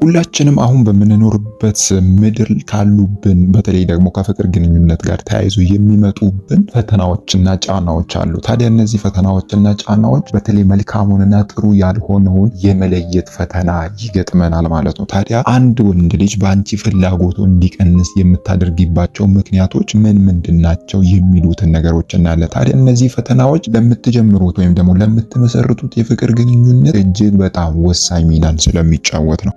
ሁላችንም አሁን በምንኖርበት ምድር ካሉብን በተለይ ደግሞ ከፍቅር ግንኙነት ጋር ተያይዞ የሚመጡብን ፈተናዎችና ጫናዎች አሉ። ታዲያ እነዚህ ፈተናዎችና ጫናዎች በተለይ መልካሙንና ጥሩ ያልሆነውን የመለየት ፈተና ይገጥመናል ማለት ነው። ታዲያ አንድ ወንድ ልጅ በአንቺ ፍላጎቱ እንዲቀንስ የምታደርጊባቸው ምክንያቶች ምን ምንድን ናቸው የሚሉትን ነገሮች እናያለን። ታዲያ እነዚህ ፈተናዎች ለምትጀምሩት ወይም ደግሞ ለምትመሰርቱት የፍቅር ግንኙነት እጅግ በጣም ወሳኝ ሚናን ስለሚጫወት ነው።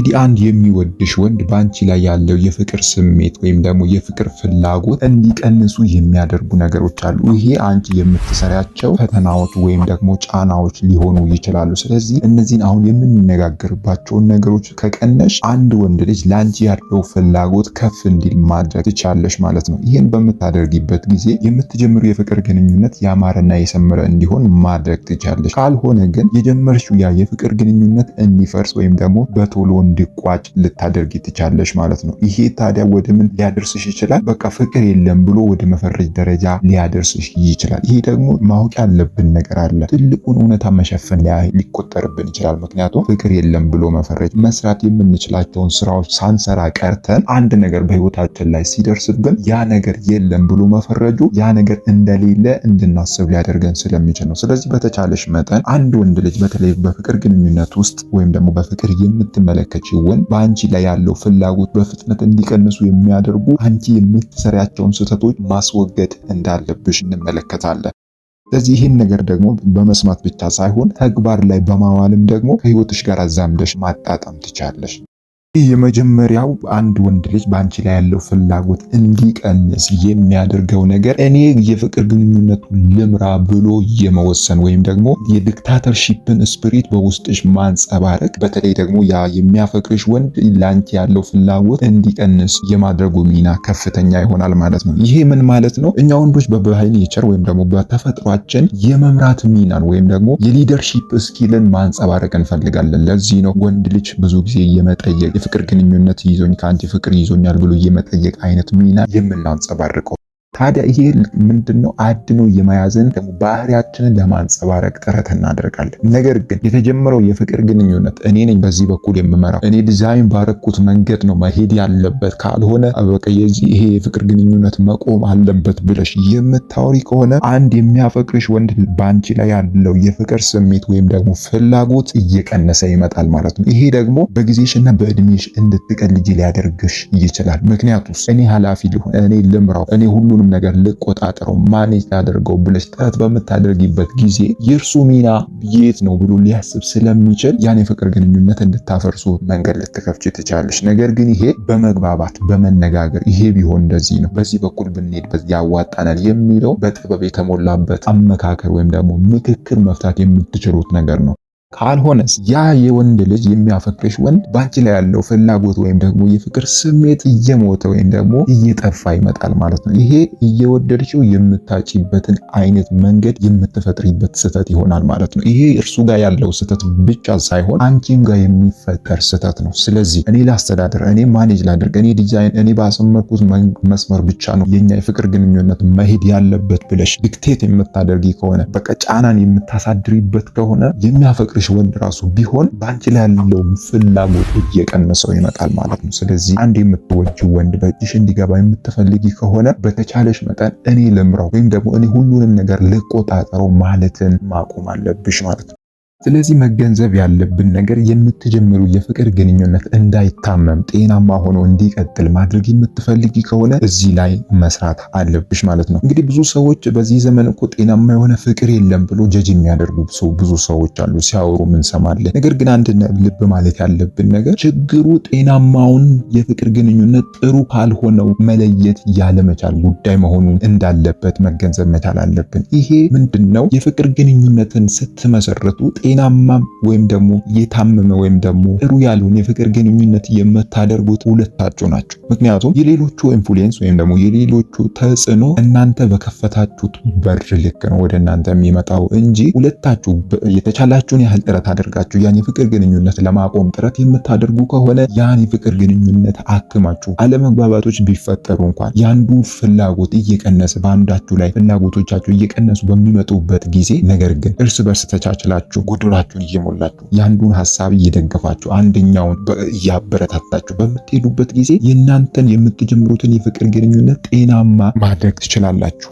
እንግዲህ አንድ የሚወድሽ ወንድ በአንቺ ላይ ያለው የፍቅር ስሜት ወይም ደግሞ የፍቅር ፍላጎት እንዲቀንሱ የሚያደርጉ ነገሮች አሉ። ይሄ አንቺ የምትሰሪያቸው ፈተናዎች ወይም ደግሞ ጫናዎች ሊሆኑ ይችላሉ። ስለዚህ እነዚህን አሁን የምንነጋገርባቸውን ነገሮች ከቀነሽ አንድ ወንድ ልጅ ለአንቺ ያለው ፍላጎት ከፍ እንዲል ማድረግ ትቻለሽ ማለት ነው። ይህን በምታደርጊበት ጊዜ የምትጀምሩ የፍቅር ግንኙነት ያማረና የሰመረ እንዲሆን ማድረግ ትቻለሽ። ካልሆነ ግን የጀመርሽው ያ የፍቅር ግንኙነት እንዲፈርስ ወይም ደግሞ በቶሎ እንዲቋጭ ልታደርግ ትቻለሽ ማለት ነው። ይሄ ታዲያ ወደ ምን ሊያደርስሽ ይችላል? በቃ ፍቅር የለም ብሎ ወደ መፈረጅ ደረጃ ሊያደርስሽ ይችላል። ይሄ ደግሞ ማወቅ ያለብን ነገር አለ። ትልቁን እውነታ መሸፈን ሊቆጠርብን ይችላል። ምክንያቱም ፍቅር የለም ብሎ መፈረጅ መስራት የምንችላቸውን ስራዎች ሳንሰራ ቀርተን አንድ ነገር በህይወታችን ላይ ሲደርስብን ያ ነገር የለም ብሎ መፈረጁ ያ ነገር እንደሌለ እንድናስብ ሊያደርገን ስለሚችል ነው። ስለዚህ በተቻለሽ መጠን አንድ ወንድ ልጅ በተለይ በፍቅር ግንኙነት ውስጥ ወይም ደግሞ በፍቅር የምትመለከ ያደረገችውን በአንቺ ላይ ያለው ፍላጎት በፍጥነት እንዲቀንሱ የሚያደርጉ አንቺ የምትሰሪያቸውን ስህተቶች ማስወገድ እንዳለብሽ እንመለከታለን። ስለዚህ ይህን ነገር ደግሞ በመስማት ብቻ ሳይሆን ተግባር ላይ በማዋልም ደግሞ ከህይወትሽ ጋር አዛምደሽ ማጣጣም ትቻለሽ። ይህ የመጀመሪያው አንድ ወንድ ልጅ በአንቺ ላይ ያለው ፍላጎት እንዲቀንስ የሚያደርገው ነገር እኔ የፍቅር ግንኙነቱ ልምራ ብሎ የመወሰን ወይም ደግሞ የዲክታተርሺፕን ስፕሪት በውስጥሽ ማንጸባረቅ፣ በተለይ ደግሞ ያ የሚያፈቅርሽ ወንድ ለአንቺ ያለው ፍላጎት እንዲቀንስ የማድረጉ ሚና ከፍተኛ ይሆናል ማለት ነው። ይሄ ምን ማለት ነው? እኛ ወንዶች በባይ ኔቸር ወይም ደግሞ በተፈጥሯችን የመምራት ሚናን ወይም ደግሞ የሊደርሺፕ ስኪልን ማንጸባረቅ እንፈልጋለን። ለዚህ ነው ወንድ ልጅ ብዙ ጊዜ የመጠየቅ የፍቅር ግንኙነት ይዞኝ ከአንቺ ፍቅር ይዞኛል ብሎ የመጠየቅ አይነት ሚና የምናንጸባርቀው ታዲያ ይሄ ምንድን ነው? አድኖ የመያዝን ባህሪያችንን ለማንጸባረቅ ጥረት እናደርጋለን። ነገር ግን የተጀመረው የፍቅር ግንኙነት እኔ ነኝ በዚህ በኩል የምመራው እኔ ዲዛይን ባረኩት መንገድ ነው መሄድ ያለበት፣ ካልሆነ በቃ የዚህ ይሄ የፍቅር ግንኙነት መቆም አለበት ብለሽ የምታወሪ ከሆነ አንድ የሚያፈቅርሽ ወንድ በአንቺ ላይ ያለው የፍቅር ስሜት ወይም ደግሞ ፍላጎት እየቀነሰ ይመጣል ማለት ነው። ይሄ ደግሞ እና በእድሜሽ እንድትቀልጅ ሊያደርግሽ ይችላል። ምክንያቱስ እኔ ኃላፊ ሊሆን እኔ ልምራው፣ እኔ ሁሉ ሁሉንም ነገር ልቆጣጠረው ማኔጅ ላደርገው ብለሽ ጥረት በምታደርጊበት ጊዜ የእርሱ ሚና የት ነው ብሎ ሊያስብ ስለሚችል ያን የፍቅር ግንኙነት እንድታፈርሱ መንገድ ልትከፍች ትቻለሽ። ነገር ግን ይሄ በመግባባት በመነጋገር ይሄ ቢሆን እንደዚህ ነው፣ በዚህ በኩል ብንሄድ በዚህ ያዋጣናል የሚለው በጥበብ የተሞላበት አመካከር ወይም ደግሞ ምክክር መፍታት የምትችሉት ነገር ነው። ካልሆነስ ያ የወንድ ልጅ የሚያፈቅርሽ ወንድ ባንቺ ላይ ያለው ፍላጎት ወይም ደግሞ የፍቅር ስሜት እየሞተ ወይም ደግሞ እየጠፋ ይመጣል ማለት ነው። ይሄ እየወደድሽው የምታጭበትን አይነት መንገድ የምትፈጥሪበት ስህተት ይሆናል ማለት ነው። ይሄ እርሱ ጋር ያለው ስህተት ብቻ ሳይሆን አንቺም ጋር የሚፈጠር ስህተት ነው። ስለዚህ እኔ ላስተዳደር፣ እኔ ማኔጅ ላደርግ፣ እኔ ዲዛይን፣ እኔ ባሰመርኩት መስመር ብቻ ነው የኛ የፍቅር ግንኙነት መሄድ ያለበት ብለሽ ዲክቴት የምታደርጊ ከሆነ በቃ ጫናን የምታሳድሪበት ከሆነ የሚያፈቅር የሚያፈቅርሽ ወንድ ራሱ ቢሆን በአንቺ ላይ ያለውን ፍላጎት እየቀነሰው ይመጣል ማለት ነው። ስለዚህ አንድ የምትወጂው ወንድ በእጅሽ እንዲገባ የምትፈልጊ ከሆነ በተቻለሽ መጠን እኔ ልምራው ወይም ደግሞ እኔ ሁሉንም ነገር ልቆጣጠረው ማለትን ማቆም አለብሽ ማለት ነው። ስለዚህ መገንዘብ ያለብን ነገር የምትጀምሩ የፍቅር ግንኙነት እንዳይታመም ጤናማ ሆኖ እንዲቀጥል ማድረግ የምትፈልጊ ከሆነ እዚህ ላይ መስራት አለብሽ ማለት ነው። እንግዲህ ብዙ ሰዎች በዚህ ዘመን እኮ ጤናማ የሆነ ፍቅር የለም ብሎ ጀጅ የሚያደርጉ ብዙ ሰዎች አሉ፣ ሲያወሩ እንሰማለን። ነገር ግን አንድ ልብ ማለት ያለብን ነገር ችግሩ ጤናማውን የፍቅር ግንኙነት ጥሩ ካልሆነው መለየት ያለመቻል ጉዳይ መሆኑን እንዳለበት መገንዘብ መቻል አለብን። ይሄ ምንድን ነው? የፍቅር ግንኙነትን ስትመሰርቱ ጤናማም ወይም ደግሞ የታመመ ወይም ደግሞ ጥሩ ያለውን የፍቅር ግንኙነት የምታደርጉት ሁለታችሁ ናቸው ምክንያቱም የሌሎቹ ኢንፍሉዌንስ ወይም ደግሞ የሌሎቹ ተጽዕኖ እናንተ በከፈታችሁት በር ልክ ነው ወደ እናንተ የሚመጣው እንጂ ሁለታችሁ የተቻላችሁን ያህል ጥረት አድርጋችሁ ያን የፍቅር ግንኙነት ለማቆም ጥረት የምታደርጉ ከሆነ ያን የፍቅር ግንኙነት አክማችሁ አለመግባባቶች ቢፈጠሩ እንኳን የአንዱ ፍላጎት እየቀነሰ በአንዳችሁ ላይ ፍላጎቶቻችሁ እየቀነሱ በሚመጡበት ጊዜ ነገር ግን እርስ በርስ ተቻችላችሁ ሆዳችሁን እየሞላችሁ የአንዱን ሀሳብ እየደገፋችሁ አንደኛውን እያበረታታችሁ በምትሄዱበት ጊዜ የእናንተን የምትጀምሩትን የፍቅር ግንኙነት ጤናማ ማድረግ ትችላላችሁ።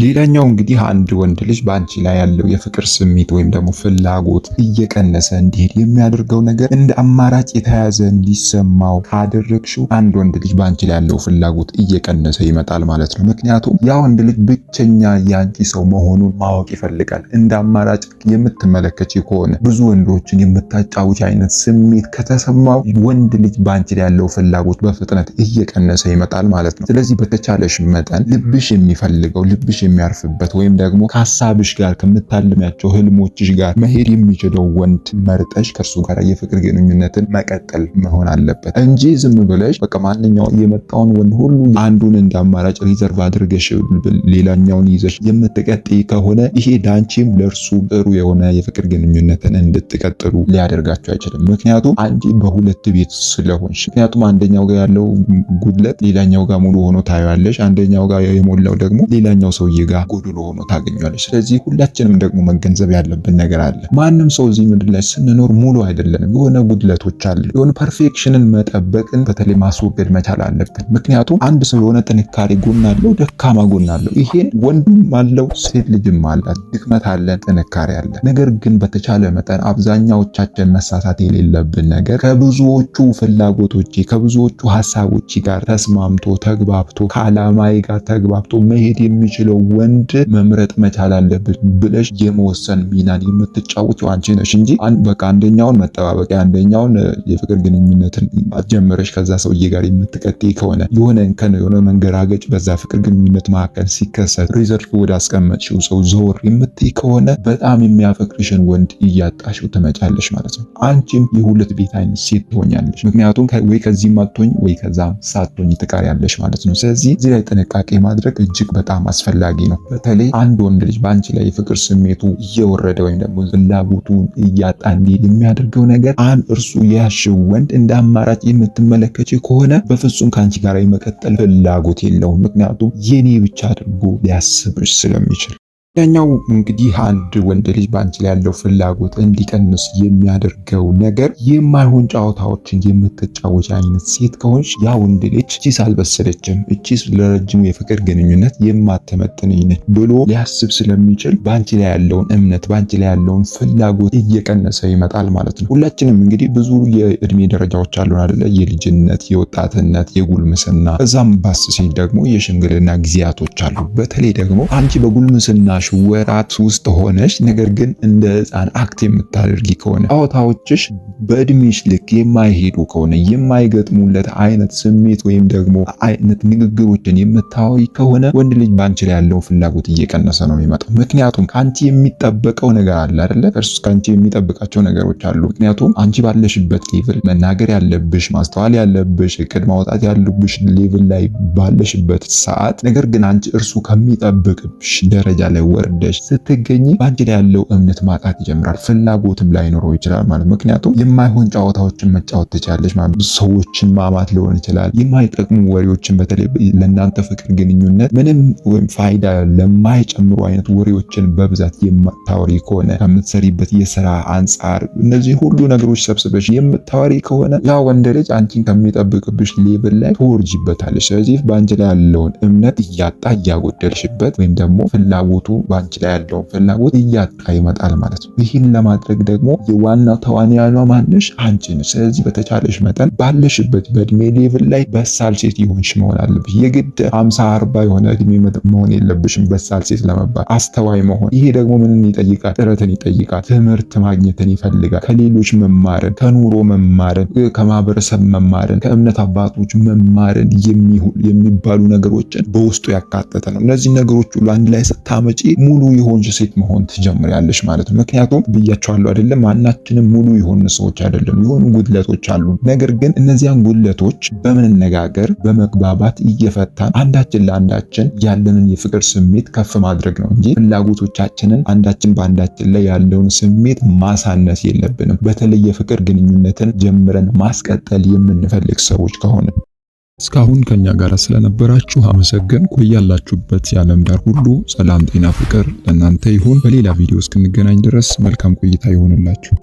ሌላኛው እንግዲህ አንድ ወንድ ልጅ በአንቺ ላይ ያለው የፍቅር ስሜት ወይም ደግሞ ፍላጎት እየቀነሰ እንዲሄድ የሚያደርገው ነገር እንደ አማራጭ የተያዘ እንዲሰማው ካደረግሽው አንድ ወንድ ልጅ በአንቺ ላይ ያለው ፍላጎት እየቀነሰ ይመጣል ማለት ነው። ምክንያቱም ያ ወንድ ልጅ ብቸኛ የአንቺ ሰው መሆኑን ማወቅ ይፈልጋል። እንደ አማራጭ የምትመለከች ከሆነ ብዙ ወንዶችን የምታጫውች አይነት ስሜት ከተሰማው ወንድ ልጅ በአንቺ ላይ ያለው ፍላጎት በፍጥነት እየቀነሰ ይመጣል ማለት ነው። ስለዚህ በተቻለሽ መጠን ልብሽ የሚፈልገው ልብሽ የሚያርፍበት ወይም ደግሞ ከሀሳብሽ ጋር ከምታልሚያቸው ህልሞችሽ ጋር መሄድ የሚችለው ወንድ መርጠሽ ከእርሱ ጋር የፍቅር ግንኙነትን መቀጠል መሆን አለበት እንጂ ዝም ብለሽ በቃ ማንኛው የመጣውን ወንድ ሁሉ አንዱን እንደ አማራጭ ሪዘርቭ አድርገሽ ሌላኛውን ይዘሽ የምትቀጥይ ከሆነ ይሄ ዳንቺም ለእርሱ ጥሩ የሆነ የፍቅር ግንኙነትን እንድትቀጥሉ ሊያደርጋቸው አይችልም። ምክንያቱም አንቺ በሁለት ቤት ስለሆንሽ፣ ምክንያቱም አንደኛው ጋር ያለው ጉድለት ሌላኛው ጋር ሙሉ ሆኖ ታያለሽ፣ አንደኛው ጋር የሞላው ደግሞ ሌላኛው ሰው ሰውዬ ጋር ጎድሎ ሆኖ ታገኛለች። ስለዚህ ሁላችንም ደግሞ መገንዘብ ያለብን ነገር አለ። ማንም ሰው እዚህ ምድር ላይ ስንኖር ሙሉ አይደለንም። የሆነ ጉድለቶች አሉ። የሆነ ፐርፌክሽንን መጠበቅን በተለይ ማስወገድ መቻል አለብን። ምክንያቱም አንድ ሰው የሆነ ጥንካሬ ጎን አለው፣ ደካማ ጎን አለው። ይሄን ወንዱም አለው፣ ሴት ልጅም አላት። ድክመት አለ ጥንካሬ አለ። ነገር ግን በተቻለ መጠን አብዛኛዎቻችን መሳሳት የሌለብን ነገር ከብዙዎቹ ፍላጎቶቼ ከብዙዎቹ ሀሳቦች ጋር ተስማምቶ ተግባብቶ ከዓላማዬ ጋር ተግባብቶ መሄድ የሚችለው ወንድ መምረጥ መቻል አለብን ብለሽ የመወሰን ሚናን የምትጫወተው አንቺ ነሽ እንጂ በቃ አንደኛውን መጠባበቂ አንደኛውን የፍቅር ግንኙነትን ጀምረሽ ከዛ ሰውዬ ጋር የምትቀጥይ ከሆነ የሆነ እንከን የሆነ መንገራገጭ በዛ ፍቅር ግንኙነት መካከል ሲከሰት ሪዘርቭ ወደ አስቀመጥሽው ሰው ዘወር የምትይ ከሆነ በጣም የሚያፈቅርሽን ወንድ እያጣሽው ትመጫለሽ ማለት ነው። አንቺም የሁለት ቤት አይነት ሴት ትሆኛለሽ። ምክንያቱም ወይ ከዚህ አትሆኝ ወይ ከዛም ሳትሆኝ ትቀሪያለሽ ማለት ነው። ስለዚህ እዚህ ላይ ጥንቃቄ ማድረግ እጅግ በጣም አስፈላጊ አስፈላጊ ነው። በተለይ አንድ ወንድ ልጅ በአንቺ ላይ የፍቅር ስሜቱ እየወረደ ወይም ደግሞ ፍላጎቱን እያጣ እንዲሄድ የሚያደርገው ነገር አን እርሱ ያሽው ወንድ እንደ አማራጭ የምትመለከች ከሆነ በፍጹም ከአንቺ ጋር የመቀጠል ፍላጎት የለውም። ምክንያቱም የኔ ብቻ አድርጎ ሊያስብሽ ስለሚችል ያኛው እንግዲህ አንድ ወንድ ልጅ በአንቺ ላይ ያለው ፍላጎት እንዲቀንስ የሚያደርገው ነገር የማይሆን ጨዋታዎችን የምትጫወች አይነት ሴት ከሆንሽ ያ ወንድ ልጅ እቺስ አልበሰለችም፣ እቺስ ለረጅሙ የፍቅር ግንኙነት የማተመጥነኝ ነች ብሎ ሊያስብ ስለሚችል በአንቺ ላይ ያለውን እምነት በአንቺ ላይ ያለውን ፍላጎት እየቀነሰ ይመጣል ማለት ነው። ሁላችንም እንግዲህ ብዙ የእድሜ ደረጃዎች አሉን አደለ? የልጅነት፣ የወጣትነት፣ የጉልምስና እዛም ባስ ሲል ደግሞ የሽምግልና ጊዜያቶች አሉ። በተለይ ደግሞ አንቺ በጉልምስና ግማሽ ወራት ውስጥ ሆነሽ ነገር ግን እንደ ህፃን አክት የምታደርጊ ከሆነ ጨዋታዎችሽ በእድሜሽ ልክ የማይሄዱ ከሆነ የማይገጥሙለት አይነት ስሜት ወይም ደግሞ አይነት ንግግሮችን የምታወይ ከሆነ ወንድ ልጅ ባንቺ ላይ ያለው ፍላጎት እየቀነሰ ነው የሚመጣው። ምክንያቱም ከአንቺ የሚጠበቀው ነገር አለ አይደለ? እርሱ ከአንቺ የሚጠብቃቸው ነገሮች አሉ። ምክንያቱም አንቺ ባለሽበት ሌቭል መናገር ያለብሽ ማስተዋል ያለብሽ እቅድ ማውጣት ያለብሽ ሌቭል ላይ ባለሽበት ሰዓት ነገር ግን አንቺ እርሱ ከሚጠብቅብሽ ደረጃ ላይ ወርደሽ ስትገኝ በአንቺ ላይ ያለው እምነት ማጣት ይጀምራል። ፍላጎትም ላይኖረው ይችላል ማለት ምክንያቱም የማይሆን ጨዋታዎችን መጫወት ትችላለች ማለት ሰዎችን ማማት ሊሆን ይችላል። የማይጠቅሙ ወሬዎችን በተለይ ለእናንተ ፍቅር ግንኙነት ምንም ወይም ፋይዳ ለማይጨምሩ አይነት ወሬዎችን በብዛት የምታወሪ ከሆነ ከምትሰሪበት የስራ አንጻር እነዚህ ሁሉ ነገሮች ሰብስበሽ የምታወሪ ከሆነ ያ ወንድ ልጅ አንቺን ከሚጠብቅብሽ ሌብል ላይ ትወርጅበታለች ስለዚህ በአንቺ ላይ ያለውን እምነት እያጣ እያጎደልሽበት ወይም ደግሞ ፍላጎቱ በአንቺ ላይ ያለውን ፍላጎት እያጣ ይመጣል ማለት ነው። ይህን ለማድረግ ደግሞ የዋና ተዋንያኗ ማንሽ አንቺ ነሽ። ስለዚህ በተቻለሽ መጠን ባለሽበት በእድሜ ሌቭል ላይ በሳል ሴት ይሆንሽ መሆን አለብሽ። የግድ ሃምሳ አርባ የሆነ እድሜ መሆን የለብሽም በሳል ሴት ለመባል አስተዋይ መሆን። ይሄ ደግሞ ምንን ይጠይቃል? ጥረትን ይጠይቃል። ትምህርት ማግኘትን ይፈልጋል። ከሌሎች መማርን፣ ከኑሮ መማርን፣ ከማህበረሰብ መማርን፣ ከእምነት አባቶች መማርን የሚባሉ ነገሮችን በውስጡ ያካተተ ነው። እነዚህ ነገሮች ሁሉ አንድ ላይ ስታመጪ ሙሉ የሆንሽ ሴት መሆን ትጀምሪያለሽ ማለት ነው። ምክንያቱም ብያቸዋለሁ አይደለም፣ ማናችንም ሙሉ የሆን ሰዎች አይደለም። የሆኑ ጉድለቶች አሉ። ነገር ግን እነዚያን ጉድለቶች በመነጋገር በመግባባት እየፈታን አንዳችን ለአንዳችን ያለንን የፍቅር ስሜት ከፍ ማድረግ ነው እንጂ ፍላጎቶቻችንን አንዳችን በአንዳችን ላይ ያለውን ስሜት ማሳነስ የለብንም። በተለይ የፍቅር ግንኙነትን ጀምረን ማስቀጠል የምንፈልግ ሰዎች ከሆነ እስካሁን ከኛ ጋር ስለነበራችሁ አመሰገንኩ። በያላችሁበት የዓለም ዳር ሁሉ ሰላም፣ ጤና፣ ፍቅር ለእናንተ ይሁን። በሌላ ቪዲዮ እስክንገናኝ ድረስ መልካም ቆይታ ይሆንላችሁ።